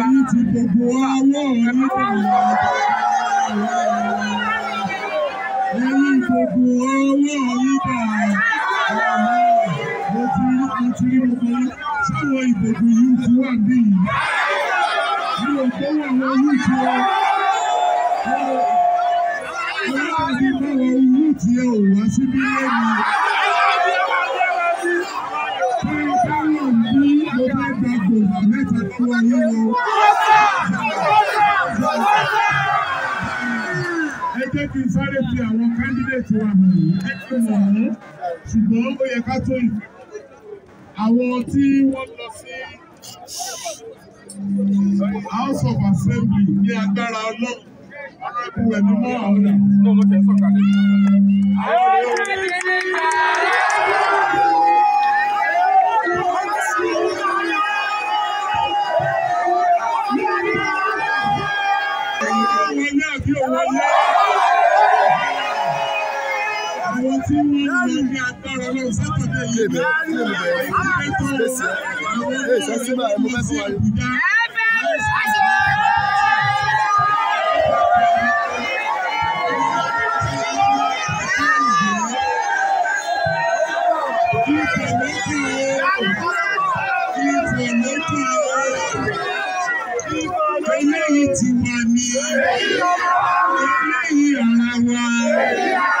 èyí tí gbogbo ọwọ́ rẹ nípa ìyàwó èyí gbogbo ọwọ́ nípa ìyàwó mo ti rí mo ti rí mo ti rí sáwọn ìgbòho yìí ti wà níyì. yín o. ẹ jẹ́ kí n sáré fi àwọn kándídéètì wa hàn yìí ẹ ti mọ̀ wọ́n ṣùgbọ́n ó yẹ ká tó yìí. àwọn tí wọ́n lọ sí House of Assembly ní agbára ọlọ́run ọ̀rọ̀ ẹ̀kú ẹ̀mí mọ́ àwọn ọ̀dà. àwọn ọ̀rẹ́ òun. ní agbára Eléyìí ti wà ní eléyìí ara wa.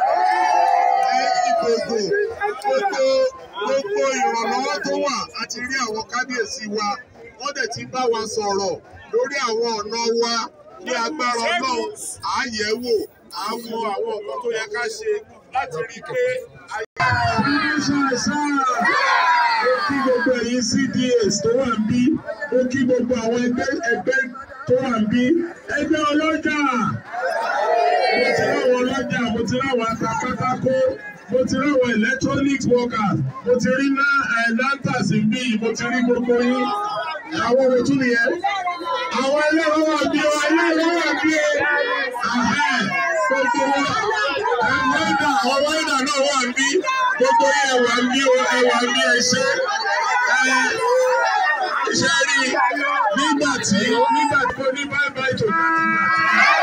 gbogbo gbogbo gbogbo ìrànlọ́wọ́ tó wà a ti rí àwọn kábíyèsí wa wọ́n dẹ̀ ti bá wa sọ̀rọ̀ lórí àwọn ọ̀nà wa ní agbára ọlọ́run àyẹ̀wò àwọn àwọn nǹkan tó yẹ ká ṣe láti rí i pé. Mo kí gbogbo ẹ̀yin CDS tó wà ń bí, mo kí gbogbo àwọn ẹgbẹ́ ẹgbẹ́ tó wà ń bí, ẹgbẹ́ ọlọ́jà mo ti ráwọn akakátákó mo ti ráwọn electronics workers mo ti rí eh, lantas bí mo ti rí gbogbo yín àwọn ohun tún nìyẹn àwọn ẹlẹ́rọ wà bí ọ ẹlẹ́rọ wà bí ẹ gbogbo ẹ̀wọ́dà ọ̀wọ́dà náà wà bí gbogbo ẹ̀wà bí ẹ̀wà bí ẹ̀ṣẹ́ ẹ̀ṣẹ́ rí nígbà tí nígbà tí ó ní báyìí báyìí tó dáa.